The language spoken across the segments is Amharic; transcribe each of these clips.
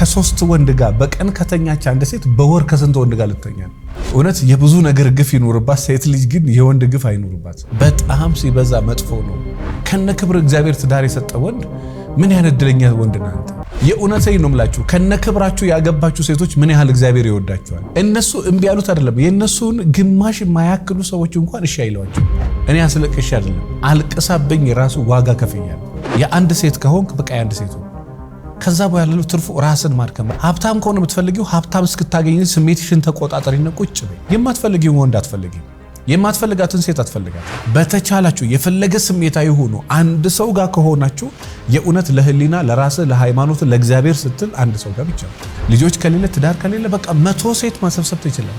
ከሶስት ወንድ ጋር በቀን ከተኛች አንድ ሴት በወር ከስንት ወንድ ጋር ልተኛል? እውነት የብዙ ነገር ግፍ ይኖርባት፣ ሴት ልጅ ግን የወንድ ግፍ አይኖርባት። በጣም ሲበዛ መጥፎ ነው። ከነ ክብር እግዚአብሔር ትዳር የሰጠ ወንድ ምን ያህል እድለኛ ወንድ ናንተ። የእውነት ነው ምላችሁ፣ ከነ ክብራችሁ ያገባችሁ ሴቶች ምን ያህል እግዚአብሔር ይወዳችኋል። እነሱ እምቢ ያሉት አይደለም፣ የእነሱን ግማሽ የማያክሉ ሰዎች እንኳን እሺ አይለዋቸው። እኔ አስለቅሽ አይደለም አልቅሳብኝ ራሱ ዋጋ ከፍያል። የአንድ ሴት ከሆንክ በቃ የአንድ ሴት ከዛ በኋላ ያለው ትርፉ ራስን ማድከም። ሀብታም ከሆነ የምትፈልጊው ሀብታም እስክታገኝ ስሜትሽን ተቆጣጠሪና ቁጭ በይ። የማትፈልጊውን ወንድ አትፈልጊ፣ የማትፈልጋትን ሴት አትፈልጋት። በተቻላችሁ የፈለገ ስሜታዊ ሆኑ። አንድ ሰው ጋር ከሆናችሁ የእውነት ለህሊና፣ ለራስ፣ ለሃይማኖት፣ ለእግዚአብሔር ስትል አንድ ሰው ጋር ብቻ። ልጆች ከሌለ ትዳር ከሌለ በቃ መቶ ሴት ማሰብሰብ ትችላል።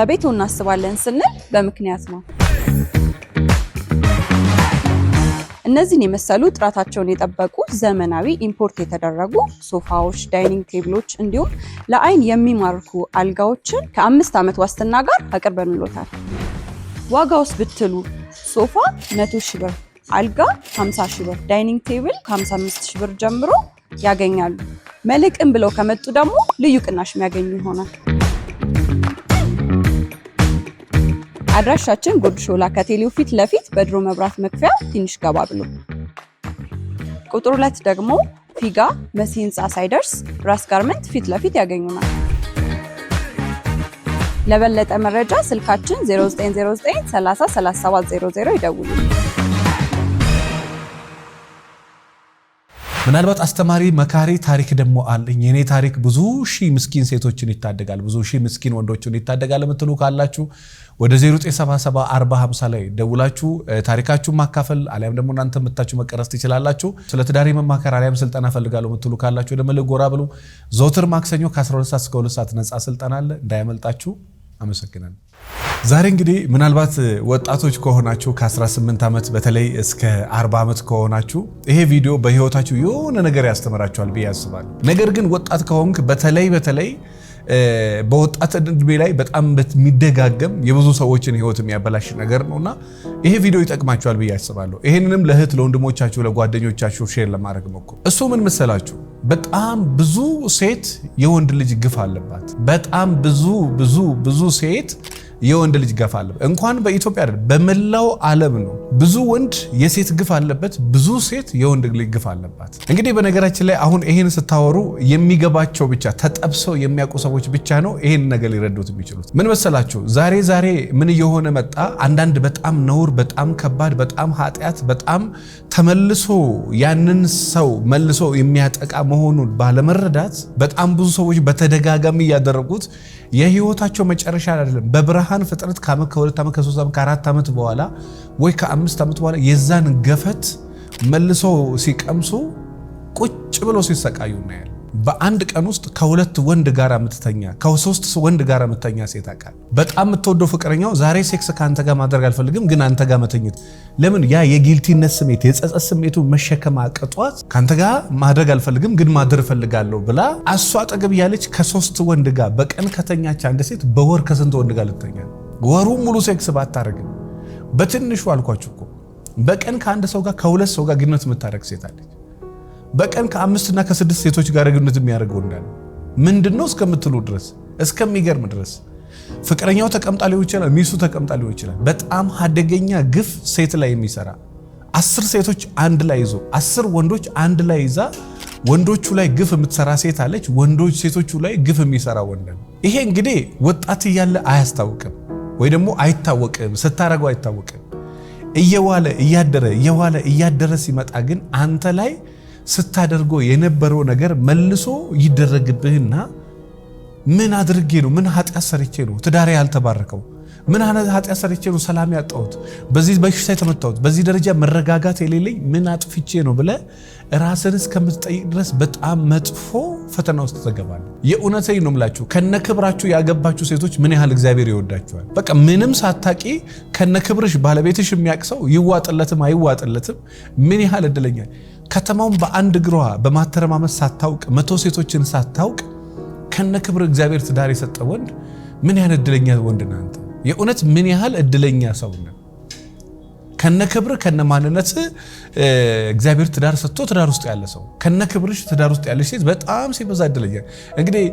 ለቤቱ እናስባለን ስንል በምክንያት ነው። እነዚህን የመሰሉ ጥራታቸውን የጠበቁ ዘመናዊ ኢምፖርት የተደረጉ ሶፋዎች፣ ዳይኒንግ ቴብሎች እንዲሁም ለአይን የሚማርኩ አልጋዎችን ከአምስት ዓመት ዋስትና ጋር አቅርበንሎታል። ዋጋ ውስጥ ብትሉ ሶፋ 100 ሺ ብር፣ አልጋ 50 ሺ ብር፣ ዳይኒንግ ቴብል ከ55 ሺ ብር ጀምሮ ያገኛሉ። መልሕቅን ብለው ከመጡ ደግሞ ልዩ ቅናሽ የሚያገኙ ይሆናል። አድራሻችን ጉርድ ሾላ ከቴሌው ፊት ለፊት በድሮ መብራት መክፈያ ትንሽ ገባ ብሎ፣ ቁጥር ሁለት ደግሞ ፊጋ መሲ ህንፃ ሳይደርስ ራስ ጋርመንት ፊት ለፊት ያገኙናል። ለበለጠ መረጃ ስልካችን 0909 30 ምናልባት አስተማሪ መካሪ ታሪክ ደግሞ አለኝ። የኔ ታሪክ ብዙ ሺህ ምስኪን ሴቶችን ይታደጋል፣ ብዙ ሺህ ምስኪን ወንዶችን ይታደጋል የምትሉ ካላችሁ ወደ 0977450 ላይ ደውላችሁ ታሪካችሁን ማካፈል አሊያም ደግሞ እናንተ የምታችሁ መቀረስ ትችላላችሁ። ስለ ትዳሪ መማከር አሊያም ስልጠና ፈልጋለሁ የምትሉ ካላችሁ ወደ መልሕቅ ጎራ ብሉ። ዘውትር ማክሰኞ ከ12 እስከ 2 ሰዓት ነፃ ስልጠና አለ፣ እንዳያመልጣችሁ። አመሰግናለሁ። ዛሬ እንግዲህ ምናልባት ወጣቶች ከሆናችሁ ከ18 ዓመት በተለይ እስከ 40 ዓመት ከሆናችሁ ይሄ ቪዲዮ በህይወታችሁ የሆነ ነገር ያስተምራችኋል ብዬ ያስባል። ነገር ግን ወጣት ከሆንክ በተለይ በተለይ በወጣት እድሜ ላይ በጣም የሚደጋገም የብዙ ሰዎችን ህይወት የሚያበላሽ ነገር እና ይሄ ቪዲዮ ይጠቅማችኋል ብዬ አስባለሁ። ይህንንም ለእህት ለወንድሞቻችሁ፣ ለጓደኞቻችሁ ሼር ለማድረግ ሞክሩ። እሱ ምን መሰላችሁ በጣም ብዙ ሴት የወንድ ልጅ ግፍ አለባት። በጣም ብዙ ብዙ ብዙ ሴት የወንድ ልጅ ግፍ አለባት። እንኳን በኢትዮጵያ አይደለም በመላው ዓለም ነው። ብዙ ወንድ የሴት ግፍ አለበት፣ ብዙ ሴት የወንድ ልጅ ግፍ አለባት። እንግዲህ በነገራችን ላይ አሁን ይሄን ስታወሩ የሚገባቸው ብቻ ተጠብሰው የሚያውቁ ሰዎች ብቻ ነው ይሄን ነገር ሊረዱት የሚችሉት። ምን መሰላችሁ? ዛሬ ዛሬ ምን እየሆነ መጣ? አንዳንድ በጣም ነውር፣ በጣም ከባድ፣ በጣም ኃጢአት፣ በጣም ተመልሶ ያንን ሰው መልሶ የሚያጠቃ መሆኑን ባለመረዳት በጣም ብዙ ሰዎች በተደጋጋሚ እያደረጉት የህይወታቸው መጨረሻ አይደለም። በብርሃን ፍጥነት ከዓመት ከሁለት ዓመት ከሶስት ዓመት ከአራት ዓመት በኋላ ወይ ከአምስት ዓመት በኋላ የዛን ገፈት መልሶ ሲቀምሱ ቁጭ ብሎ ሲሰቃዩ እናያለን። በአንድ ቀን ውስጥ ከሁለት ወንድ ጋር የምትተኛ ከሶስት ወንድ ጋር የምትተኛ ሴት አቃል በጣም የምትወደው ፍቅረኛው ዛሬ ሴክስ ከአንተ ጋር ማድረግ አልፈልግም፣ ግን አንተ ጋር መተኝት ለምን? ያ የጊልቲነት ስሜት የጸጸት ስሜቱ መሸከም አቅጧት ከአንተ ጋር ማድረግ አልፈልግም፣ ግን ማድር እፈልጋለሁ ብላ እሷ አጠገብ እያለች ከሶስት ወንድ ጋር በቀን ከተኛች አንድ ሴት በወር ከስንት ወንድ ጋር ልተኛ? ወሩ ሙሉ ሴክስ ባታረግም በትንሹ አልኳችሁ እኮ በቀን ከአንድ ሰው ጋር ከሁለት ሰው ጋር ግንኙነት የምታደረግ ሴት አለች። በቀን ከአምስትና ከስድስት ሴቶች ጋር ግንኙነት የሚያደርግ ወንዳል ምንድነው እስከምትሉ ድረስ እስከሚገርም ድረስ ፍቅረኛው ተቀምጣ ሊሆን ይችላል፣ ሚስቱ ተቀምጣ ሊሆን ይችላል። በጣም አደገኛ ግፍ ሴት ላይ የሚሰራ አስር ሴቶች አንድ ላይ ይዞ አስር ወንዶች አንድ ላይ ይዛ ወንዶቹ ላይ ግፍ የምትሰራ ሴት አለች። ወንዶች ሴቶቹ ላይ ግፍ የሚሰራ ወንድ ነው። ይሄ እንግዲህ ወጣት እያለ አያስታውቅም ወይ ደግሞ አይታወቅም፣ ስታረገው አይታወቅም። እየዋለ እያደረ እየዋለ እያደረ ሲመጣ ግን አንተ ላይ ስታደርገው የነበረው ነገር መልሶ ይደረግብህና ምን አድርጌ ነው? ምን ኃጢአት ሰርቼ ነው ትዳሬ ያልተባረከው? ምን አይነት ኃጢአት ሰርቼ ነው ሰላም ያጣሁት? በዚህ በሽታ የተመታሁት? በዚህ ደረጃ መረጋጋት የሌለኝ ምን አጥፍቼ ነው ብለ ራስን እስከምትጠይቅ ድረስ በጣም መጥፎ ፈተና ውስጥ ተገባለ። የእውነተኝ ነው ከነ ከነክብራችሁ ያገባችሁ ሴቶች ምን ያህል እግዚአብሔር ይወዳችኋል። በቃ ምንም ሳታቂ ከነክብርሽ ባለቤትሽ የሚያቅሰው ይዋጥለትም አይዋጥለትም ምን ያህል እድለኛል። ከተማውን በአንድ እግሯ በማተረማመት ሳታውቅ መቶ ሴቶችን ሳታውቅ ከነ ክብር እግዚአብሔር ትዳር የሰጠ ወንድ ምን ያህል እድለኛ ወንድ ናንተ የእውነት ምን ያህል እድለኛ ሰው ነው። ከነ ክብር ከነ ማንነት እግዚአብሔር ትዳር ሰጥቶ ትዳር ውስጥ ያለ ሰው ከነ ክብርሽ ትዳር ውስጥ ያለች ሴት በጣም ሲበዛ እድለኛ። እንግዲህ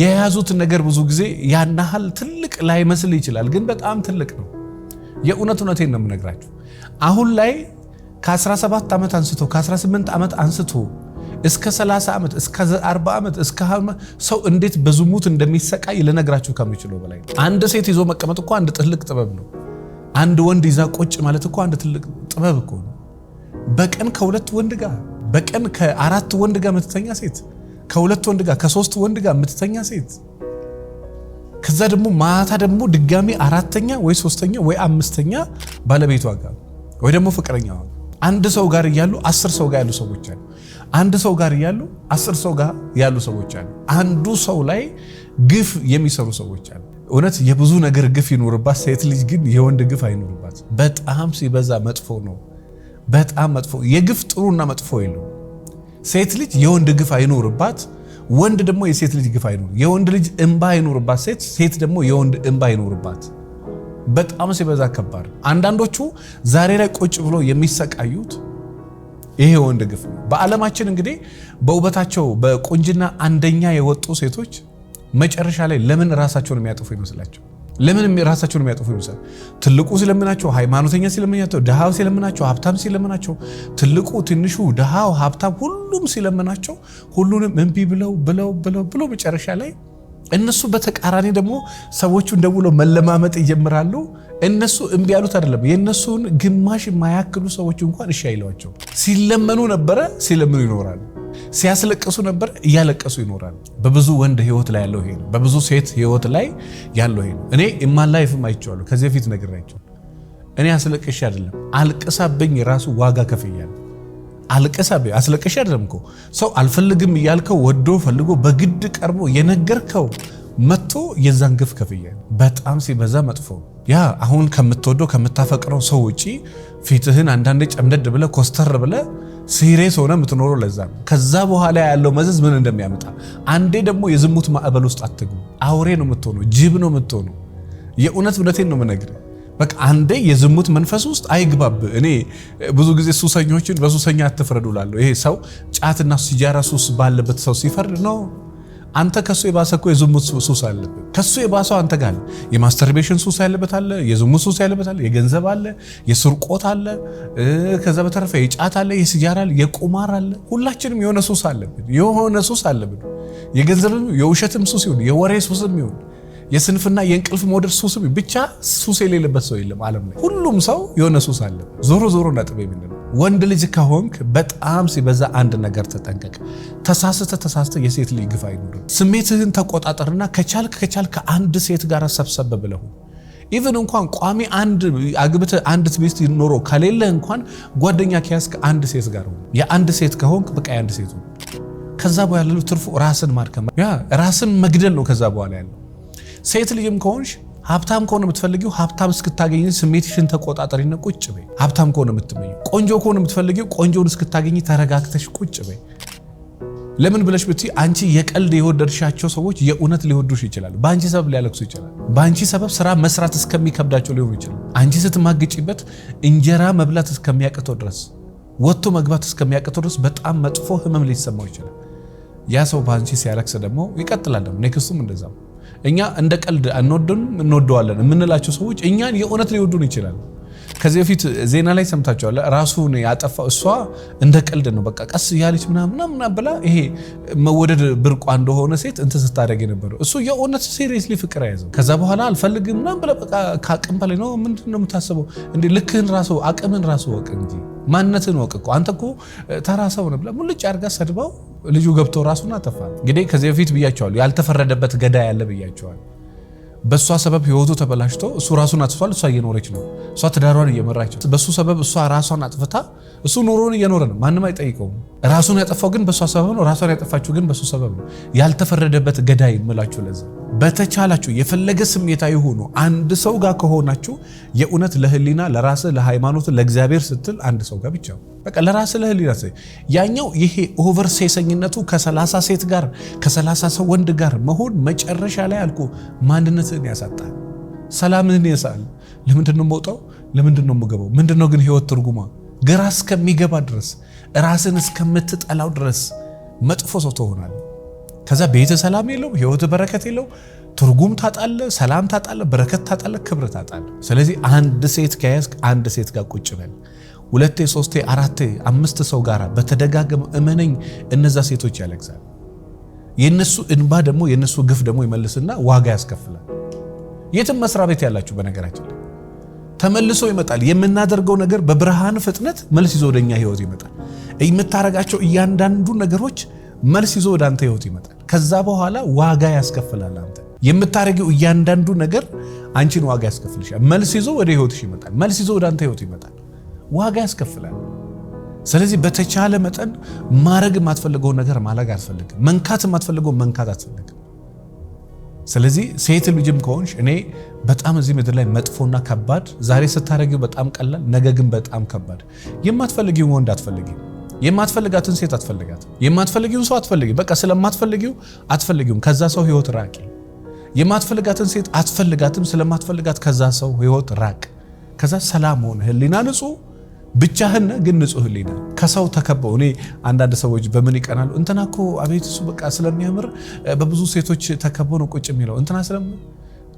የያዙትን ነገር ብዙ ጊዜ ያን ያህል ትልቅ ላይመስል ይችላል፣ ግን በጣም ትልቅ ነው። የእውነት እውነቴን ነው የምነግራችሁ። አሁን ላይ ከ17 ዓመት አንስቶ ከ18 ዓመት አንስቶ እስከ 30 ዓመት እስከ 40 ዓመት እስከ ሰው እንዴት በዝሙት እንደሚሰቃይ ልነግራችሁ ከምችለው በላይ አንድ ሴት ይዞ መቀመጥ እኮ አንድ ትልቅ ጥበብ ነው። አንድ ወንድ ይዛ ቁጭ ማለት እኮ አንድ ትልቅ ጥበብ እኮ ነው። በቀን ከሁለት ወንድ ጋር በቀን ከአራት ወንድ ጋር የምትተኛ ሴት፣ ከሁለት ወንድ ጋር ከሶስት ወንድ ጋር የምትተኛ ሴት፣ ከዛ ደግሞ ማታ ደግሞ ድጋሚ አራተኛ ወይ ሶስተኛ ወይ አምስተኛ ባለቤቷ ጋር ወይ ደግሞ ፍቅረኛዋ አንድ ሰው ጋር እያሉ አስር ሰው ጋር ያሉ ሰዎች አሉ። አንድ ሰው ጋር እያሉ አስር ሰው ጋር ያሉ ሰዎች አሉ። አንዱ ሰው ላይ ግፍ የሚሰሩ ሰዎች አሉ። እውነት የብዙ ነገር ግፍ ይኖርባት፣ ሴት ልጅ ግን የወንድ ግፍ አይኖርባት። በጣም ሲበዛ መጥፎ ነው። በጣም መጥፎ የግፍ ጥሩና መጥፎ የለው። ሴት ልጅ የወንድ ግፍ አይኖርባት፣ ወንድ ደግሞ የሴት ልጅ ግፍ አይኖር። የወንድ ልጅ እንባ አይኖርባት ሴት ሴት ደግሞ የወንድ እንባ አይኖርባት። በጣም ሲበዛ ከባድ። አንዳንዶቹ ዛሬ ላይ ቁጭ ብሎ የሚሰቃዩት ይሄ ወንድ ግፍ ነው። በዓለማችን እንግዲህ በውበታቸው በቁንጅና አንደኛ የወጡ ሴቶች መጨረሻ ላይ ለምን ራሳቸውን የሚያጠፉ ይመስላቸው? ለምን ራሳቸውን የሚያጠፉ ይመስላል? ትልቁ ሲለምናቸው፣ ሃይማኖተኛ ሲለምናቸው፣ ድሃው ሲለምናቸው፣ ሀብታም ሲለምናቸው፣ ትልቁ፣ ትንሹ፣ ድሃው፣ ሀብታም ሁሉም ሲለምናቸው፣ ሁሉንም እምቢ ብለው ብለው ብለው ብሎ መጨረሻ ላይ እነሱ በተቃራኒ ደግሞ ሰዎቹን ደውሎ መለማመጥ ይጀምራሉ። እነሱ እምቢ ያሉት አይደለም፣ የእነሱን ግማሽ የማያክሉ ሰዎች እንኳን እሺ አይሏቸው። ሲለመኑ ነበረ፣ ሲለምኑ ይኖራሉ። ሲያስለቀሱ ነበር፣ እያለቀሱ ይኖራሉ። በብዙ ወንድ ህይወት ላይ ያለው ይሄ ነው። በብዙ ሴት ህይወት ላይ ያለው ይሄ ነው። እኔ ኢማን ላይፍም አይቼዋለሁ። ከዚህ በፊት ነግራቸው እኔ አስለቅሼ አይደለም አልቅሳብኝ ራሱ ዋጋ ከፍያለሁ። አልቅሳ አስለቅሽ አይደለም እኮ ሰው አልፈልግም እያልከው ወዶ ፈልጎ በግድ ቀርቦ የነገርከው መጥቶ የዛን ግፍ ከፍየ በጣም ሲበዛ መጥፎ ያ አሁን ከምትወደው ከምታፈቅረው ሰው ውጪ ፊትህን አንዳንዴ ጨምደድ ብለ ኮስተር ብለ ሲሬስ ሆነ የምትኖረው ለዛ ነው። ከዛ በኋላ ያለው መዘዝ ምን እንደሚያመጣ አንዴ ደግሞ የዝሙት ማዕበል ውስጥ አትግቡ። አውሬ ነው የምትሆነው፣ ጅብ ነው የምትሆነው። የእውነት እውነቴን ነው የምነግርህ። በቃ አንዴ የዝሙት መንፈስ ውስጥ አይግባብ። እኔ ብዙ ጊዜ ሱሰኞችን በሱሰኛ አትፍረዱ እላለሁ። ይሄ ሰው ጫትና ሲጃራ ሱስ ባለበት ሰው ሲፈርድ ነው። አንተ ከሱ የባሰ እኮ የዝሙት ሱስ አለበት። ከሱ የባሰው አንተ ጋር የማስተርቤሽን ሱስ ያለበት አለ፣ የዝሙት ሱስ ያለበት አለ፣ የገንዘብ አለ፣ የስርቆት አለ፣ ከዛ በተረፈ የጫት አለ፣ የሲጃራ አለ፣ የቁማር አለ። ሁላችንም የሆነ ሱስ አለብን፣ የሆነ ሱስ አለብን። የገንዘብም የውሸትም ሱስ ይሁን የወሬ ሱስም ይሁን የስንፍና የእንቅልፍ መውደድ ሱስ ብቻ ሱስ የሌለበት ሰው የለም ዓለም ላይ ሁሉም ሰው የሆነ ሱስ አለ። ዞሮ ዞሮ ነጥብ ምንድነው? ወንድ ልጅ ከሆንክ በጣም ሲበዛ አንድ ነገር ተጠንቀቅ። ተሳስተ ተሳስተ የሴት ልጅ ግፍ አይኖርም። ስሜትህን ተቆጣጠርና ከቻልክ ከቻልክ አንድ ሴት ጋር ሰብሰብ ብለሁ ኢቨን እንኳን ቋሚ አንድ አግብተ አንድ ሚስት ኖሮ ከሌለ እንኳን ጓደኛ ከያዝክ አንድ ሴት ጋር ሆነ። የአንድ ሴት ከሆንክ በቃ የአንድ ሴት ሆነ። ከዛ በኋላ ያለው ትርፉ ራስን ማድከም ራስን መግደል ነው። ከዛ በኋላ ያለው ሴት ልጅም ከሆንሽ ሀብታም ከሆነ የምትፈልጊው ሀብታም እስክታገኝ ስሜትሽን ተቆጣጠሪነ ቁጭ በይ። ሀብታም ከሆነ የምትመኝ ቆንጆ ከሆነ የምትፈልጊው ቆንጆን እስክታገኝ ተረጋግተሽ ቁጭ በይ። ለምን ብለሽ ብት አንቺ የቀልድ የወደድሻቸው ሰዎች የእውነት ሊወዱሽ ይችላሉ። በአንቺ ሰበብ ሊያለቅሱ ይችላል። በአንቺ ሰበብ ስራ መስራት እስከሚከብዳቸው ሊሆኑ ይችላል። አንቺ ስትማግጭበት እንጀራ መብላት እስከሚያቅተው ድረስ፣ ወጥቶ መግባት እስከሚያቅተው ድረስ በጣም መጥፎ ህመም ሊሰማው ይችላል። ያ ሰው በአንቺ ሲያለቅስ ደግሞ ይቀጥላል። ደግሞ ኔክስቱም እንደዛ እኛ እንደ ቀልድ እንወደን እንወደዋለን የምንላቸው ሰዎች እኛን የእውነት ሊወዱን ይችላል። ከዚህ በፊት ዜና ላይ ሰምታችኋል። ራሱ ያጠፋው እሷ እንደ ቀልድ ነው በቃ ቀስ እያለች ምናምና ብላ ይሄ መወደድ ብርቋ እንደሆነ ሴት እንትን ስታደርግ የነበረው እሱ የእውነት ሴሪየስሊ ፍቅር የያዘው ከዛ በኋላ አልፈልግም ምናም ብላ በቃ ከአቅም በላይ ነው። ምንድን ነው የምታስበው? እንደ ልክህን ራሱ አቅምን ራሱ ወቅ እንጂ ማንነትን ወቅ እኮ አንተ እኮ ተራ ሰው ነው ብላ ሙልጭ አድርጋ ሰድባው ልጁ ገብቶ ራሱን አጠፋ። እንግዲህ ከዚህ በፊት ብያቸዋል፣ ያልተፈረደበት ገዳይ ያለ ብያቸዋል። በእሷ ሰበብ ህይወቱ ተበላሽቶ እሱ ራሱን አጥፍቷል። እሷ እየኖረች ነው። እሷ ትዳሯን እየመራች ነው። በእሱ ሰበብ እሷ ራሷን አጥፍታ እሱ ኑሮን እየኖረ ነው። ማንም አይጠይቀውም። ራሱን ያጠፋው ግን በእሷ ሰበብ ነው። ራሷን ያጠፋችው ግን በእሱ ሰበብ ነው። ያልተፈረደበት ገዳይ ምላችሁ። ለዛ በተቻላችሁ የፈለገ ስሜታ የሆኑ አንድ ሰው ጋር ከሆናችሁ የእውነት ለህሊና ለራስ ለሃይማኖት ለእግዚአብሔር ስትል አንድ ሰው ጋር ብቻ በቃ ለራስ ለህሊና ያኛው ይሄ ኦቨር ሴሰኝነቱ ከሰላሳ ሴት ጋር ከሰላሳ ሰው ወንድ ጋር መሆን መጨረሻ ላይ አልኩ ማንነት ራስህን ያሳጣል፣ ሰላምህን ያሳል። ለምንድን ነው የምወጣው? ለምንድን ነው የምገባው? ምንድን ነው ግን ህይወት ትርጉሟ? ግራ እስከሚገባ ድረስ ራስን እስከምትጠላው ድረስ መጥፎ ሰው ትሆናል። ከዛ ቤተ ሰላም የለው ህይወት በረከት የለው ትርጉም ታጣለ፣ ሰላም ታጣለ፣ በረከት ታጣለ፣ ክብር ታጣለ። ስለዚህ አንድ ሴት ከያዝክ አንድ ሴት ጋር ቁጭ በል። ሁለቴ፣ ሶስቴ፣ አራቴ፣ አምስት ሰው ጋር በተደጋገመ እመነኝ፣ እነዛ ሴቶች ያለቅሳል። የነሱ እንባ ደግሞ የነሱ ግፍ ደግሞ ይመልስና ዋጋ ያስከፍላል። የትም መስሪያ ቤት ያላችሁ በነገራችን ላይ ተመልሶ ይመጣል። የምናደርገው ነገር በብርሃን ፍጥነት መልስ ይዞ ወደኛ ህይወት ይመጣል። የምታደርጋቸው እያንዳንዱ ነገሮች መልስ ይዞ ወደ አንተ ህይወት ይመጣል። ከዛ በኋላ ዋጋ ያስከፍላል። አንተ የምታደርጊው እያንዳንዱ ነገር አንቺን ዋጋ ያስከፍልሻል። መልስ ይዞ ወደ ህይወትሽ ይመጣል። መልስ ይዞ ወደ አንተ ህይወት ይመጣል። ዋጋ ያስከፍላል። ስለዚህ በተቻለ መጠን ማድረግ የማትፈልገውን ነገር ማድረግ አትፈልግም። መንካት የማትፈልገው መንካት አትፈልግም። ስለዚህ ሴት ልጅም ከሆንሽ እኔ በጣም እዚህ ምድር ላይ መጥፎና ከባድ ዛሬ ስታደረጊው በጣም ቀላል፣ ነገ ግን በጣም ከባድ የማትፈልጊውን ወንድ አትፈልጊም። የማትፈልጋትን ሴት አትፈልጋት። የማትፈልጊውን ሰው አትፈልጊ። በቃ ስለማትፈልጊው አትፈልጊውም። ከዛ ሰው ህይወት ራቂ። የማትፈልጋትን ሴት አትፈልጋትም። ስለማትፈልጋት ከዛ ሰው ህይወት ራቅ። ከዛ ሰላም ሆነ፣ ህሊና ንጹህ ብቻህን ግን ንጹህ ሊና ከሰው ተከበው። እኔ አንዳንድ ሰዎች በምን ይቀናሉ? እንትና እኮ አቤት እሱ በቃ ስለሚያምር በብዙ ሴቶች ተከበው ነው ቁጭ የሚለው እንትና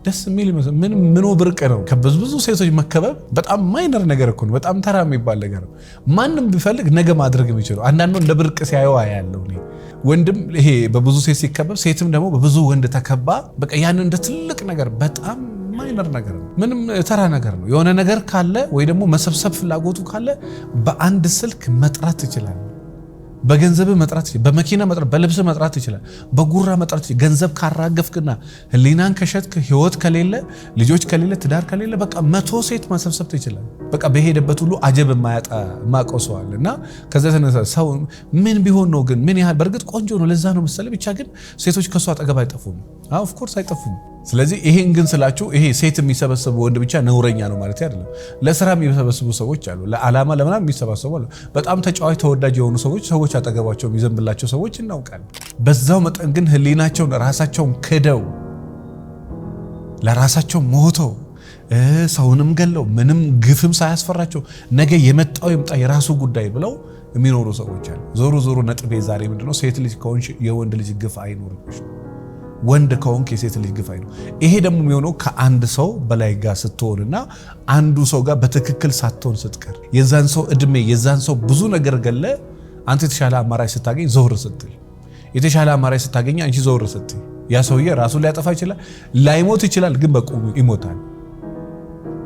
ደስ የሚል ምን ምኑ ብርቅ ነው? ከብዙ ሴቶች መከበብ በጣም ማይነር ነገር እኮ ነው። በጣም ተራ የሚባል ነገር ነው። ማንም ቢፈልግ ነገ ማድረግ የሚችለው አንዳንዱ እንደ ብርቅ ሲያየው ያለው ወንድም ይሄ በብዙ ሴት ሲከበብ፣ ሴትም ደግሞ በብዙ ወንድ ተከባ በቃ ያንን እንደ ትልቅ ነገር በጣም ማይነር ነገር ነው፣ ምንም ተራ ነገር ነው። የሆነ ነገር ካለ ወይ ደግሞ መሰብሰብ ፍላጎቱ ካለ በአንድ ስልክ መጥራት ይችላል። በገንዘብ መጥራት ይችላል። በመኪና መጥራት፣ በልብስ መጥራት ይችላል። በጉራ መጥራት ይችላል። ገንዘብ ካራገፍክና ህሊናን ከሸጥክ ህይወት ከሌለ ልጆች ከሌለ ትዳር ከሌለ በቃ መቶ ሴት መሰብሰብ ትችላል። በቃ በሄደበት ሁሉ አጀብ የማያጣ ማቆሰዋል እና ከዛ ተነሳ ሰው ምን ቢሆን ነው ግን ምን ያህል በእርግጥ ቆንጆ ነው። ለዛ ነው መሰለ ብቻ ግን ሴቶች ከእሱ አጠገብ አይጠፉም። ኦፍኮርስ አይጠፉም። ስለዚህ ይሄን ግን ስላችሁ ይሄ ሴት የሚሰበሰቡ ወንድ ብቻ ነውረኛ ነው ማለት አይደለም። ለስራ የሚሰበስቡ ሰዎች አሉ፣ ለዓላማ ለምናም የሚሰባሰቡ አሉ። በጣም ተጫዋች ተወዳጅ የሆኑ ሰዎች ሰዎች አጠገባቸው የሚዘንብላቸው ሰዎች እናውቃለን። በዛው መጠን ግን ህሊናቸውን ራሳቸውን ክደው ለራሳቸው ሞተው ሰውንም ገለው ምንም ግፍም ሳያስፈራቸው ነገ የመጣው ይምጣ የራሱ ጉዳይ ብለው የሚኖሩ ሰዎች አሉ። ዞሮ ዞሮ ነጥቤ ዛሬ ምንድነው? ሴት ልጅ ከሆንሽ የወንድ ልጅ ግፍ አይኖርም። ወንድ ከሆንክ የሴት ልጅ ግፋኝ ነው ይሄ ደግሞ የሚሆነው ከአንድ ሰው በላይ ጋር ስትሆንና አንዱ ሰው ጋር በትክክል ሳትሆን ስትቀር፣ የዛን ሰው እድሜ የዛን ሰው ብዙ ነገር ገለ አንተ የተሻለ አማራጭ ስታገኝ ዘውር ስትል፣ የተሻለ አማራጭ ስታገኝ አንቺ ዘውር ስትል፣ ያ ሰውዬ ራሱን ሊያጠፋ ይችላል፣ ላይሞት ይችላል፣ ግን በቁሙ ይሞታል።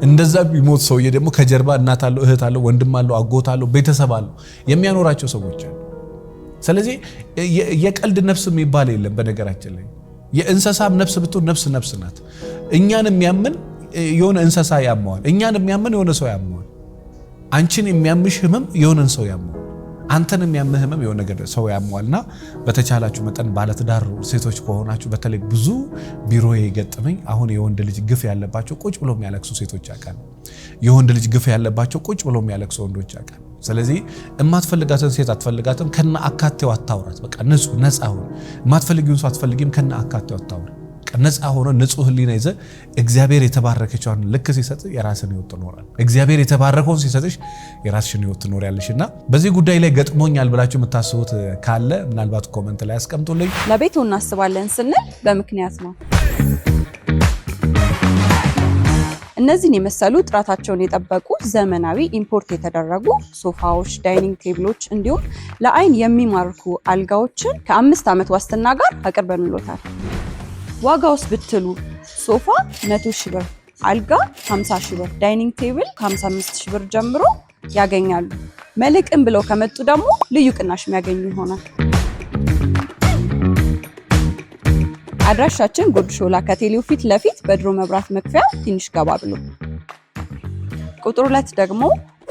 እንደዛ ቢሞት ሰውዬ ደግሞ ከጀርባ እናት አለው፣ እህት አለው፣ ወንድም አለው፣ አጎት አለው፣ ቤተሰብ አለው፣ የሚያኖራቸው ሰዎች አሉ። ስለዚህ የቀልድ ነፍስ የሚባል የለም በነገራችን ላይ የእንስሳም ነፍስ ብትሆን ነፍስ ነፍስ ናት። እኛን የሚያምን የሆነ እንስሳ ያመዋል። እኛን የሚያምን የሆነ ሰው ያመዋል። አንቺን የሚያምሽ ህመም የሆነን ሰው ያመዋል። አንተን የሚያምህ ህመም የሆነ ነገር ሰው ያመዋልና በተቻላችሁ መጠን ባለትዳር ሴቶች ከሆናችሁ በተለይ ብዙ ቢሮ የገጠመኝ አሁን የወንድ ልጅ ግፍ ያለባቸው ቁጭ ብሎ የሚያለቅሱ ሴቶች አውቃለሁ። የወንድ ልጅ ግፍ ያለባቸው ቁጭ ብሎ የሚያለቅሱ ወንዶች አውቃለሁ። ስለዚህ የማትፈልጋትን ሴት አትፈልጋትም፣ ከነ አካቴው አታውራት። በቃ ንጹህ ነፃ ሁን። የማትፈልጊውን ሰው አትፈልጊም፣ ከነ አካቴው አታውሪ። ነፃ ሆነ ንጹህ ህሊና ይዘ እግዚአብሔር የተባረከችዋን ልክ ሲሰጥ የራስን ሕይወት ትኖራል። እግዚአብሔር የተባረከውን ሲሰጥሽ የራስሽን ህይወት ትኖሪያለሽ። እና በዚህ ጉዳይ ላይ ገጥሞኛል ብላችሁ የምታስቡት ካለ ምናልባት ኮመንት ላይ ያስቀምጡልኝ። ለቤቱ እናስባለን ስንል በምክንያት ነው። እነዚህን የመሰሉ ጥራታቸውን የጠበቁ ዘመናዊ ኢምፖርት የተደረጉ ሶፋዎች፣ ዳይኒንግ ቴብሎች እንዲሁም ለአይን የሚማርኩ አልጋዎችን ከአምስት ዓመት ዋስትና ጋር አቅርበንሎታል። ዋጋ ውስጥ ብትሉ ሶፋ 100 ሺህ ብር፣ አልጋ 50 ሺህ ብር፣ ዳይኒንግ ቴብል ከ55 ሺህ ብር ጀምሮ ያገኛሉ። መልሕቅን ብለው ከመጡ ደግሞ ልዩ ቅናሽ የሚያገኙ ይሆናል። አድራሻችን ጉርድ ሾላ ከቴሌው ፊት ለፊት በድሮ መብራት መክፈያ ትንሽ ገባ ብሎ፣ ቁጥር ሁለት ደግሞ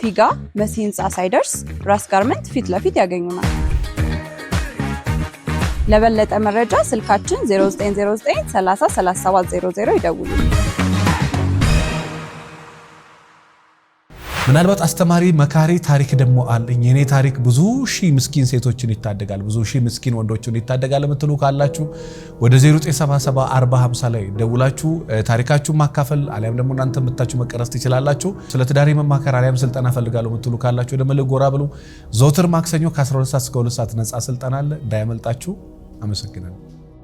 ፊጋ መሲ ህንፃ ሳይደርስ ራስ ጋርመንት ፊት ለፊት ያገኙናል። ለበለጠ መረጃ ስልካችን 0909 30 37 00 ይደውሉ። ምናልባት አስተማሪ መካሪ ታሪክ ደግሞ አለኝ። የኔ ታሪክ ብዙ ሺህ ምስኪን ሴቶችን ይታደጋል፣ ብዙ ሺህ ምስኪን ወንዶችን ይታደጋል የምትሉ ካላችሁ ወደ 09774050 ላይ ደውላችሁ ታሪካችሁን ማካፈል አሊያም ደግሞ እናንተ የምታችሁ መቀረስ ትችላላችሁ። ስለ ትዳሪ መማከር አሊያም ስልጠና ፈልጋለሁ የምትሉ ካላችሁ ወደ መልሕቅ ጎራ ብሉ። ዘውትር ማክሰኞ ከ12 ሰዓት እስከ 2 ሰዓት ነፃ ስልጠና አለ፣ እንዳያመልጣችሁ። አመሰግናለሁ።